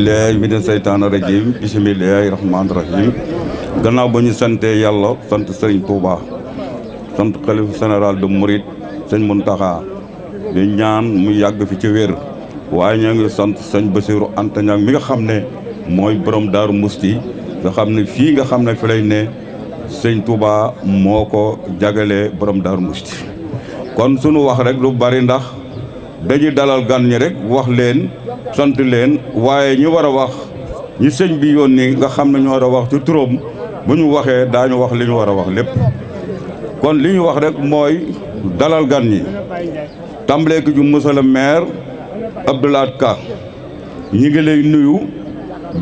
billahi mi ne seytaane rajim bisimilahi rahmaani rahim gannaaw ba ñu sante yàlla sant sëriñ Touba sant xalifa général de Mouride sëñ Muntaxa ñu ñaan mu yàgg fi ci wér waaye ñoo ngi sant sëñ Basiru Anta Ñaŋ mi nga xam ne mooy borom Daaru Musti nga xam ne fii nga xam ne fi lay ne sëñ Touba moo ko jagale borom Daaru Musti kon sunu wax rek lu bari ndax dañuy dalal gan ñi rek wax leen sant leen waaye ñu war a wax ñi sëñ bi yoon yónni nga xam ne war a wax ci turam bu ñu waxee daañu wax li war a wax lépp kon li ñu wax rek mooy dalal gan yi tàmbalee ki ju monsieur le maire Abdoulaye Ka ñi ngi lay nuyu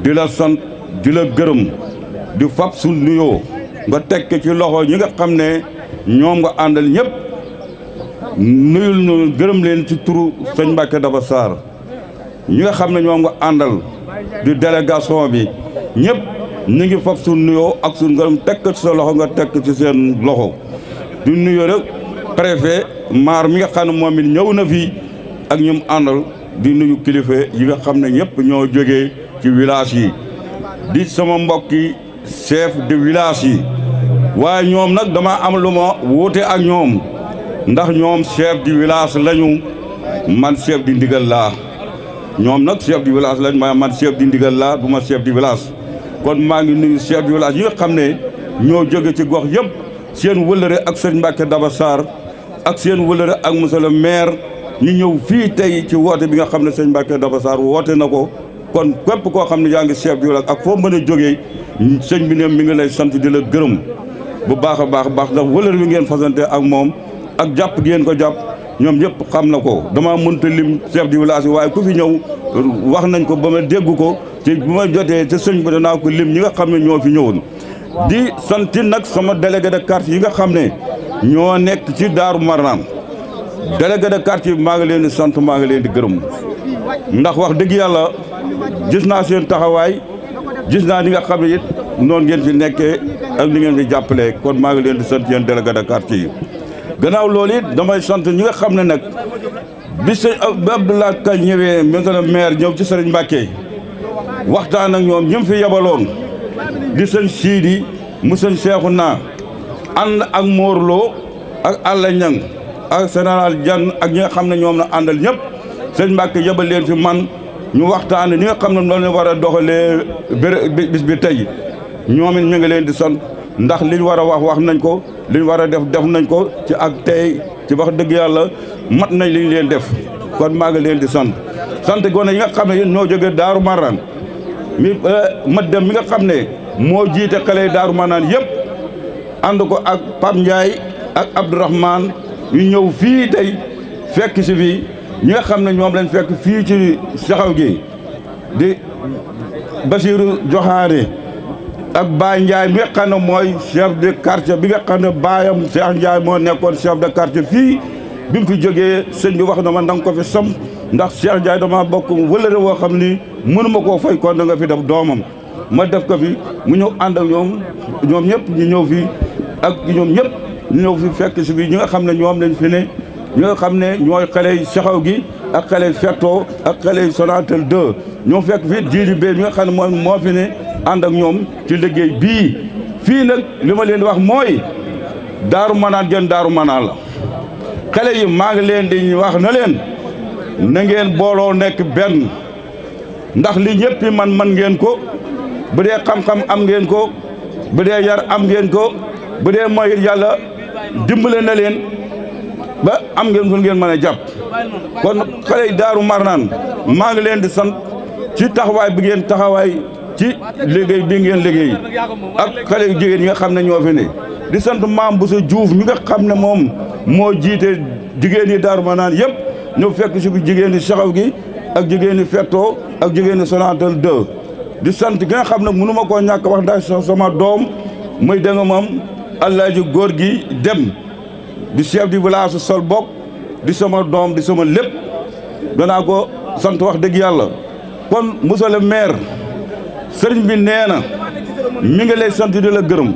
di la sant di la gërëm di fab su nuyoo nga tekk ci loxo ñi nga xam ne ñoom nga àndal ñëpp nuyul nu gërëm leen ci turu sëñ Mbacke Daba Sarr ñi nga xam ne ñoom nga àndal du délégation bi ñëpp ñu ngi fab su nuyoo ak suñ ngërëm tekk sa loxo nga tekk ci seen loxo du nuyoo rek préfet maar mi nga xam ne moom it ñëw na fii ak ñum àndal di nuyu kilifa yi nga xam ne ñëpp ñoo jógee ci village yi di sama mbokki chef de village yi waaye ñoom nag dama am lu ma wuute ak ñoom ndax ñoom chef de village lañu man chef di ndigal laa ñoom nag chef du village lañ ma man chef di ndigal laa bu ma chef du village kon maa ngi nuyu chef du village yi nga xam ne ñoo jóge ci gox yëpp seen wëllëre ak sëñ Mbacke Daba Sarr ak seen wëllëre ak monsieur le maire ñu ñëw fii tey ci woote bi nga xam ne sëñ Mbacke Daba Sarr woote na ko kon képp koo xam ne yaa ngi chef du village ak foo mën a jógee sëñ bi ne mi ngi lay sant di la gërëm bu baax a baax baax ndax wëllëre bi ngeen fasante ak moom ak jàpp ngeen ko jàpp ñoom ñëpp xam na ko dama mënta lim chef du village waaye ku fi ñëw wax nañ ko ba ma dégg ko ci bu ma jotee ca sëñ ba danaa ko lim ñi nga xam ne ñoo fi ñëwoon di santi nag sama délégué de yi nga xam ne ñoo nekk ci Daaru Marnaan délégué de quartier bi maa ngi leen di sant maa ngi leen di gërëm ndax wax dëgg yàlla gis naa seen taxawaay gis naa ni nga xam ne it noonu ngeen fi nekkee ak ni ngeen fi jàppalee kon maa ngi leen di sant yeen délégué de gannaaw loolu it damay sant ñi nga xam ne nag bi sëñ Abdoulaye Ka ñëwee monsieur le maire ñëw ci sëriñ Mbacke waxtaan ak ñoom ñim fi yabaloon di sëñ Sidi mu sëñ Seexu naa ànd ak Mor ak Alla Ñang ak général jan ak ñi nga xam ne ñoom na àndal ñëpp sëñ Mbacke yebal leen fi man ñu waxtaan ni nga xam ne loolu la war a doxalee bés bi tey ñoom it ñu ngi leen di son ndax liñ war a wax wax nañ ko liñ war a def def nañ ko ci ak tey ci wax dëgg yàlla mat nañ liñ leen def kon maa ngi leen di sant sant gone yi nga xam ne ñoo jógee Daaru Marnaan mi euh, mat dem mi nga xam ne moo jiite xale yi Daaru Marnaan yëpp ànd ko ak Pape Ndiaye ak Abdourahmane ñu ñëw fii tey fekk si fi ñi nga xam ne ñoom lañ fekk fii ci saxaw gi di Basiiru Joxaane ak Baye Ndiaye bi nga mooy chef de quartier bi nga xam ne baayam Cheikh Ndiaye moo nekkoon chef de quartier fii bi mu fi jógee sëñ bi wax na ma danga ko fi sam ndax Cheikh Ndiaye dama bokk wëlëre woo xam ni mënuma koo fay kon nga fi def doomam ma def ko fi mu ñëw ànd ak ñoom ñoom ñëpp ñu ñëw fi ak ñoom ñëpp ñu ñëw fi fekk si bi ñi nga xam ne ñoom lañ fi ne ñi nga xam ne ñooy xale yi saxaw gi ak xale yi fettoo ak xale yi Sonatel 2 ñoo fekk fi jiiri bee mi nga xam ne moo fi ne Anda ak ñom ci liggey bi fi nak lima leen wax moy daru manal gën daru manal xalé yi ma ngi leen di wax na leen na ngeen bolo nek ben ndax li ñëpp man man ngeen ko bu xam-xam am ngeen ko bu yar am ngeen ko bu dee mooy na leen ba am ngeen fu ngeen mëna japp kon xalé daru marnan ma ngi leen di sant ci taxaway bi ngeen taxaway ci liggéey bi ngeen liggéey ak xale yu jigéen ñi nga xam ne ñoo fi ne di sant maam Bousso Diouf ñi nga xam ne moom moo jiite jigéen yi Darou naan yëpp ñëw fekk si jigéen yi saxaw gi ak jigéen yi fettoo ak jigéen yi Sonatel 2 di sant gi nga xam ne mënuma koo ñàkk wax ndax sama doom muy danga moom góor gi dem di chef du village sol bokk di sama doom di sama lépp danaa ko sant wax dëgg yàlla kon monsieur le sëriñ bi nee na mi ngi lay sant di gërëm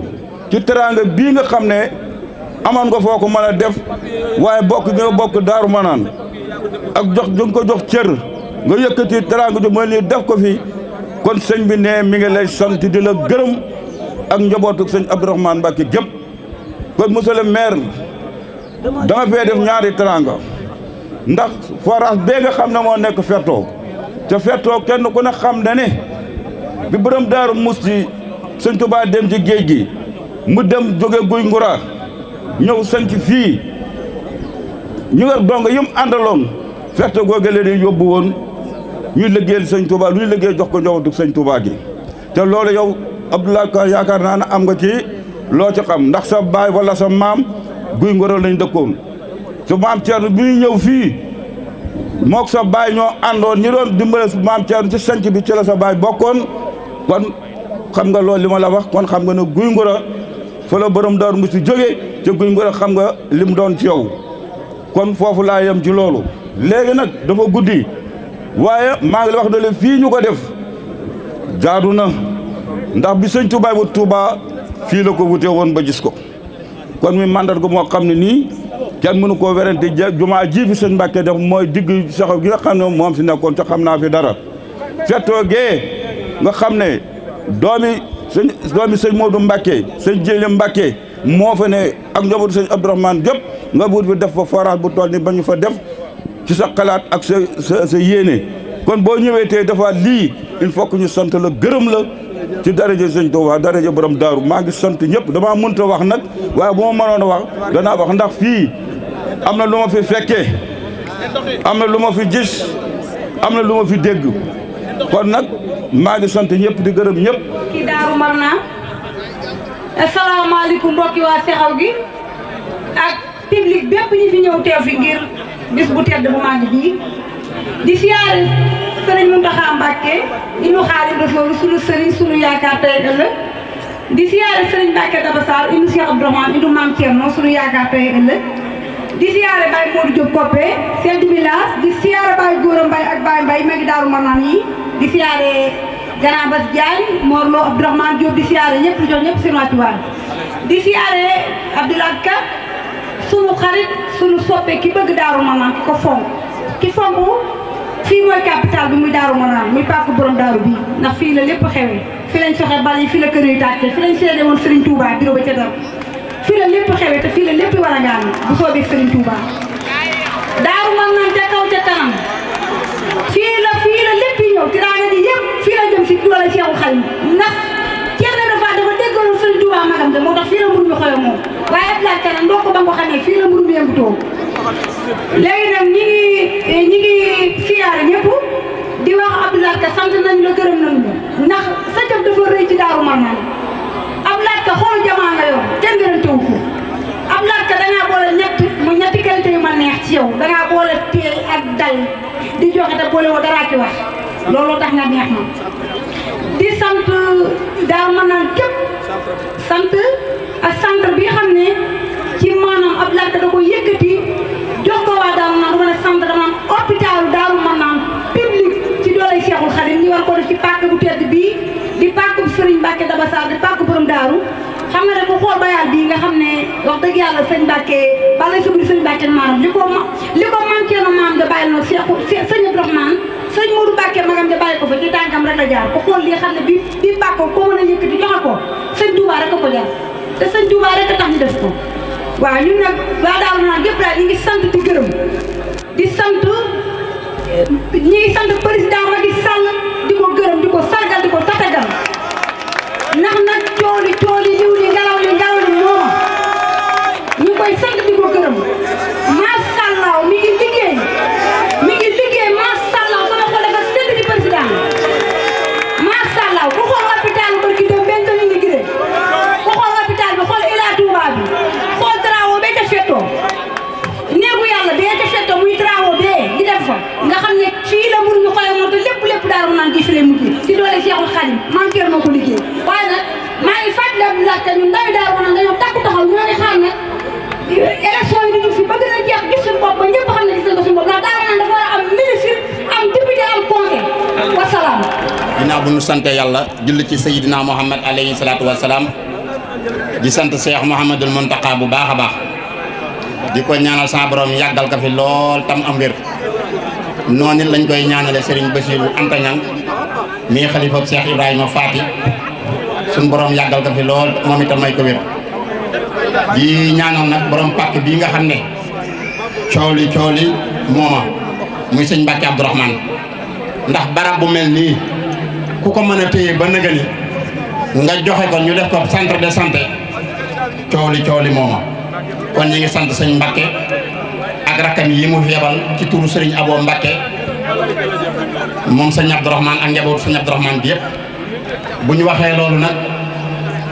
ci teraanga bii nga xam ne amoon nga foo ko mën a def waaye bokk nga bokk daaru manaan ak jox ju ko jox cër nga yëkkati teraanga ju mel nii def ko fi kon sëñ bi nee mi ngi lay sant di la gërëm ak njabootu sëñ Abdourahmane Mbacke gépp kon monsieur le maire da nga fee def ñaari teraanga ndax forage bee nga xam ne moo nekk Ferto te Ferto kenn ku ne xam na ne bi borom daaru musti ci Tuubaa dem ci géej gi mu dem jóge guy ngura ñëw sanc fii ñu nga dong yim àndaloon ferte googe leen yóbbu woon ñuy liggéeyal sëñ Tuubaa lu ñu liggéey jox ko njabootu sëñ Tuubaa gi te loolu yow Abdoulaye Ka yaakaar naa ne am nga ci loo ci xam ndax sa baay wala sa maam guy ngoro lañ dëkkoon su fii mook sa baay ñoo àndoon ñi doon dimbale maam Thierno ci sanc bi ci la sa bokkoon kon xam nga loolu li ma la wax kon xam nga ne guy ngura fa la borom daaru musi jógee te guy ngura xam nga lim doon ci yow kon foofu laa yem ci loolu léegi nag dafa guddi waaye maa ngi la wax ne la fii ñu ko def jaadu na ndax bi sëñ Touba bu Touba fii la ko wute woon ba gis ko kon mi mandarga moo xam ne nii kenn mënu koo werante jumaa jii fi sëñ Mbàkke def mooy digg saxaw gi nga xam ne moom si nekkoon te xam naa fi dara fettoo gee nga xam ne doomi sëñ doomi sëñ Modou Mbacké sëñ Jéylé Mbacké moo fa ne ak njabootu sëñ Abdourahmane Diop nga buut fi def fa forage bu toll ni ba ñu fa def ci sa xalaat ak sa sa sa yéene kon boo ñëwee tey dafa lii il faut que ñu sant la gërëm la ci daraja sëñ Tuubaa daraja borom daaru maa ngi sant ñëpp damaa mënta wax nag waaye bu ma mënoon a wax danaa wax ndax fii am na lu ma fi fekkee am na lu ma fi gis am na lu ma fi dégg kon nag maa ngi sant ñëpp di gërëm ñëpp. kii Daaru Marnaan asalaamaaleykum mbokki waa Sexaw gi ak public bépp ñi fi ñëw teew fi ngir bis bu tedd bu màgg bii di siyaare sëriñ Muntaxa Mbàkke inu xaalim rasoolu sunu sëriñ sunu yaakaar tey ëllëg di siyaare sëriñ Mbàkke Daba Sarr inu Cheikh Abdourahmane inu Maam Thierno sunu yaakaar tey ëllëg di siyaare Baye Modou Diop Koppe chef du village di siyaare Baye a Mbaye ak Baye Mbaye magi Daaru Marnaan yi di siyaare Gana Bass Diagne Mor Lo Abdourahmane Diop di siyaare ñëpp di jox ñëpp seen wàccuwaay di siyaare Abdoulaye Ka sunu xarit sunu soppe ki bëgg Daaru Marnaan ki ko fonk ki fonk fii mooy capital bi muy Daaru Marnaan muy pàkk borom daaru bi ndax fii la lépp xewee fi lañ soxe bal yi fi la kër yi tàkkee fi lañ seede woon fii la lépp xewe te fii la lépp war a gaan bu soobee Serigne Touba daaru man nan kaw ca kanam fii la fii la lépp ñëw tiraanga ji yëpp fii la jëm si doole Seexu Xadim ndax kenn dafa dafa déggaloon Serigne Touba magam de moo tax fii la mburu mi xoyo moom waaye ndoo ko ba nga fii la mburu mi yëngutoo léegi nag ñi ngi ñi ngi siyaare ñëpp di wax Abdoulaye Kane sant nañ la looloo tax nga neex ma di sant daal maanaam képp sant ak sant bi xam ne ci maanaam ab laajte da ko yëkkati jox ko waa daal maanaam dama ne sant dama am hôpitalu daal maanaam public ci doole Cheikhul Khadim ñu war ko def ci pàcc bu tedd bii di pàcc bu Serigne Mbacke Daba Sarr di pàcc borom daaru xam nga ne ku xool bayaal bii nga xam ne wax dëgg yàlla sëñ Mbacke. ko fa ci tànkam rek la jaar ko xool li xam ne bi bi bàkkoo ko mën a yëkkati joxe ko sëñ Touba rek ko jaar te sëñ Touba rek a tax ñu def ko waaw ñun nag waa Daaru Naan gépp daal ñu ngi sant di gërëm di sant ñi ngi sant président Macky Sall di ko gërëm di ko sargal di ko tatagal ndax nag cooli cooli liw li ngelaw li ngelaw li moom ñu koy sant di ko gërëm ginnaaw bu nu sante yalla julli ci sayyidina muhammad alayhi salatu wassalam di sante cheikh muhammadul muntaka bu baakha baax diko ñaanal sa borom yagal ka fi lol tam am wér noni lañ koy ñaanale Serigne Bassirou Anta mi khalifa Cheikh Ibrahima Faty sun borom yagal ka fi lol moom may ko wér di ñaanal nak borom pak bi nga xam ne coow moma muy serigne Mbàkke abdourahman ndax barab bu melni ku ko mën a téye ba nëgëni nga joxe ko ñu def ko centre de santé coow li coow li mooma kon ñi ngi sant sëñ Mbacke ak rakkam yi mu fi ci turu sëriñ Abo Mbacke moom sëñ Abdourahmane ak njabootu sëñ Abdourahmane bu ñu waxee loolu nag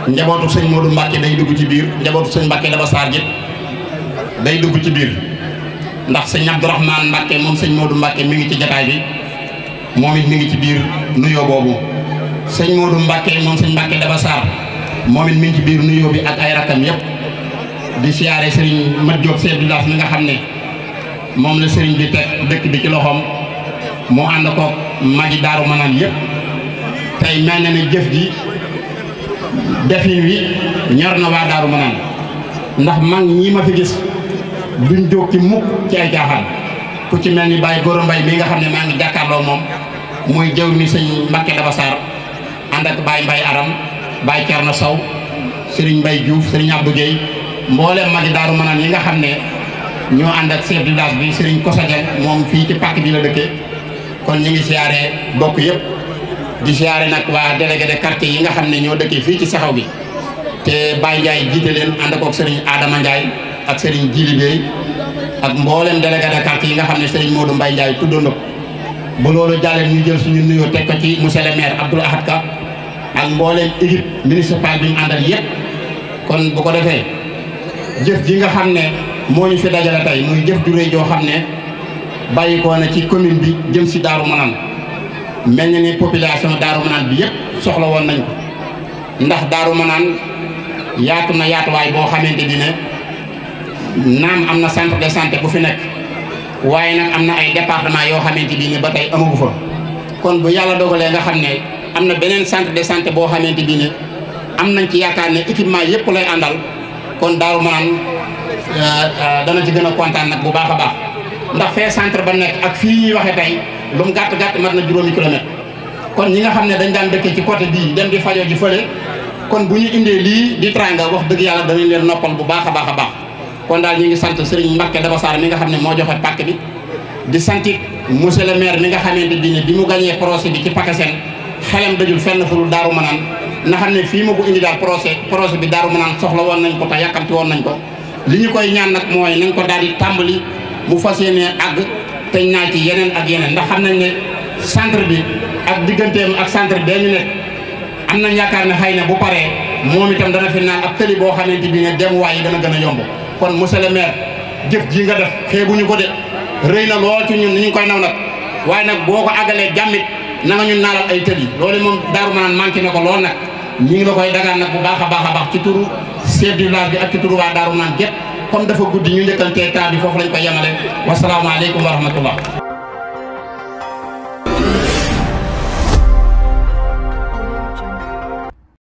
njabootu sëñ Modou Mbacke day dugg ci biir njabootu sëñ Mbacke dafa saar ji day dugg ci biir ndax sëñ Abdourahmane Mbacke moom sëñ Modou Mbacke mi ngi ci jataay bi moom it mi ngi ci biir nuyoo boobu sëñ Modou Mbacke moom sëñ Mbacke dafa saar moom it mi ci biir nuyoo bi ak ay rakkam yépp di siyaare sëriñ Mat Diop chef du village mi nga xam ne moom la sëriñ bi teg dëkk bi ci loxoom moo ànd koog magi daaru manaan yëpp tey mel na ne jëf ji defin wi ñor na waa daaru manaan ndax mag ñii ma fi gis duñ jóg ci mukk ci ay jaaxal ku ci mel ni Baye Goro Mbaye mi nga xam ne maa ngi jàkkaarloo moom mooy jëw mi sëñ Mbakke Daba Sarr ànd ak Baye Mbaye Aram Baye na Sow Serigne Mbaye Diouf Serigne Abdou Gueye mboolem magi daaru manaan yi nga xam ne ñoo ànd ak chef du village bi sëriñ Kosa moom fii ci pàkk bii la dëkkee kon ñu ngi siyaare bokk yëpp di siyaare nag waa délégué de yi nga xam ne ñoo dëkke fii ci saxaw gi te Baye Ndiaye jiite leen ànd ak Serigne Adama Ndiaye ak sëriñ Djili Bey ak mboolem délégué de yi nga xam ne Serigne Modou Mbaye Ndiaye tuddoon na ko bu loolu jàllee ñu jël suñu nuyoo teg ko ci monsieur le maire Abdoul Ahad Ka ak mbooleem équipe municipal bi mu àndal yëpp kon bu ko defee jëf ji nga xam ne moo ñu fi dajale tey muy jëf du réy joo xam ne bàyyi ko ci commune bi jëm si Daaru Manaan mel na ni population Daaru Manaan bi yëpp soxla woon nañ ko ndax Daaru Manaan yaatu na yaatuwaay boo xamante ni ne naam am na centre de santé bu fi nekk waaye nag am na ay département yoo xam xamante bi ni ba tey amagu fa kon bu yàlla dogalee nga xam ne am na beneen centre de santé boo xamante bi ni am nañ ci yaakaar ne équipement yëpp lay àndal kon Daaru Manaan euh, euh, dana ci gën a kontaan nag bu baax a baax ndax fee centre ba nekk ak fii ñuy waxee tey lu mu gàtt gàtt mat na juróomi kilomètre kon ñi nga xam ne dañ daan dëkkee ci côté bii dem di fajoo ji fële kon bu ñu indee lii di tranga wax dëgg yàlla danañ leen noppal bu a baax a baax kon dal ñi ngi sant Serigne Mbacke Daba sar mi nga xamne mo joxe pàkk bi di santit monsieur le maire mi nga xamne di ne bi mu gañee procès bi ci Pakaseen xalam dajul fenn fu dul Daaru Manaan na xamne fi mu ma ko indi dal procès procès bi daru manan soxla won nañ ko ta yakamti won nañ ko li ñi koy ñaan nak moy nañ ko dal di tambali bu fasiyene ag àgg te naa ci yenen ak yenen ndax xamnañ ne centre bi ak digganteem ak centre bee ñu nekk am nañ yaakaar ne na bu paré momitam dana fi naan ab tali bo xamanteni bi ne dem way dana gëna yombu kon monsieur le maire jëf ji nga def ñu ko de rëy na lool ci ñun ni ñu koy naw nag waaye nag boo ko àggalee jàmmit na nga ñu naalal ay tëli loolu moom Daaru man manqué na ko lool nag ñu ngi la koy dagaan nag bu baax a baax a baax ci turu chef du village bi ak ci turu waa Daaru Manaan gépp comme dafa guddi ñu njëkkantee temps bi foofu lañ koy yemale wasalaamaaleykum wa rahmatullah